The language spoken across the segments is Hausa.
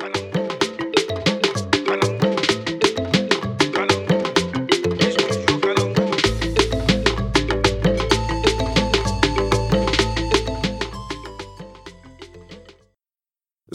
Thank you.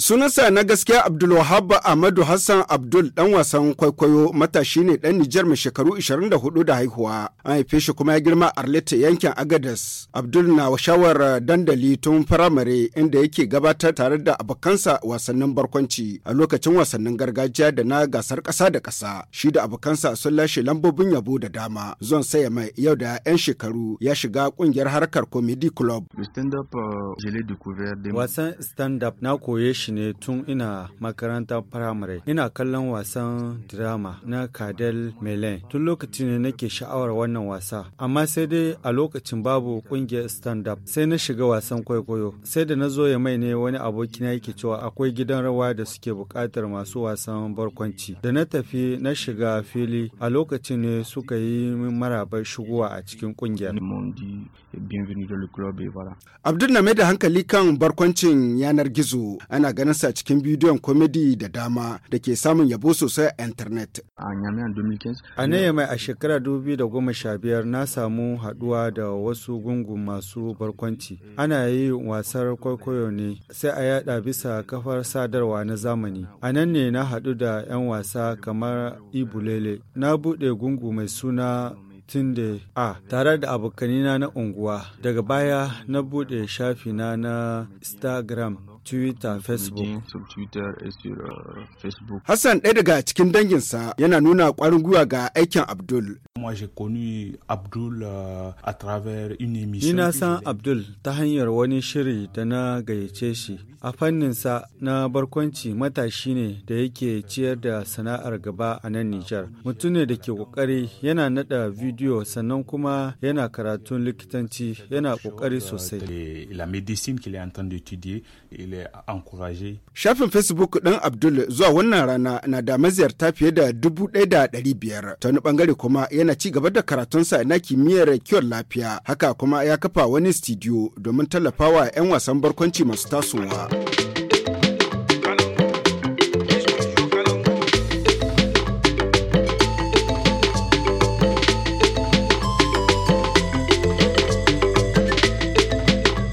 Sunansa na gaskiya Abdulwahab Ahmadu Hassan Abdul dan wasan kwaikwayo matashi ne dan Nijar mai shekaru 24 da haihuwa. An haife shi kuma ya girma arleta yankin Agadas. Abdul na shawar dandali tun firamare inda yake gabatar tare da abokansa wasannin barkwanci a lokacin wasannin gargajiya da na gasar kasa da kasa Shi da abokansa sun lashe lambobin yabo da dama. Zon saya mai yau da 'yan shekaru ya shiga ƙungiyar harkar Comedy Club. Euh, wasan stand-up na koye shi ne tun ina makarantar firamare. Ina kallon wasan drama na Kadel Melen. Tun lokacin ne nake sha'awar wannan wasa. Amma sai dai a lokacin babu kungiyar stand-up. Sai na shiga wasan kwaikwayo. Sai da na zo ya mai ne wani abokina yake cewa akwai gidan rawa da suke buƙatar masu wasan barkwanci. Da na tafi na shiga fili a lokacin ne suka yi min marabar shigowa a cikin kungiyar. Abdul na da hankali kan barkwancin yanar gizo ana sa cikin bidiyon komedi da dama da ke samun yabo sosai a intanet. A ne mai a shekara 2015 na samu haduwa da wasu gungu masu barkwanci. Ana yi wasar kwaikwayo ne sai a yada bisa kafar sadarwa na zamani. A nan ne na haɗu da 'yan wasa kamar Ibulele. Na buɗe gungu mai suna Tunde A tare da abokanina na unguwa. Daga baya na buɗe shafina na Instagram Twitter, Facebook. Hassan ɗaya daga cikin danginsa yana nuna ƙwarin gwiwa ga aikin Abdul. Euh, Ni na san Abdul ta hanyar wani shiri da na gayyace shi. A fannin sa na barkwanci matashi ne da yake ciyar da sana'ar gaba a nan Nijar. Mutum ne da ke ƙoƙari yana nada bidiyo sannan kuma yana karatun likitanci yana ƙoƙari sosai. da ankuraje. Shafin Facebook ɗan Abdul zuwa wannan rana na da maziyarta fiye da dubu ɗaya da ɗari biyar. Ta wani ɓangare kuma yana ci gaba da karatunsa na kimiyyar kiwon lafiya. Haka kuma ya kafa wani studio domin tallafawa 'yan wasan barkwanci masu tasowa.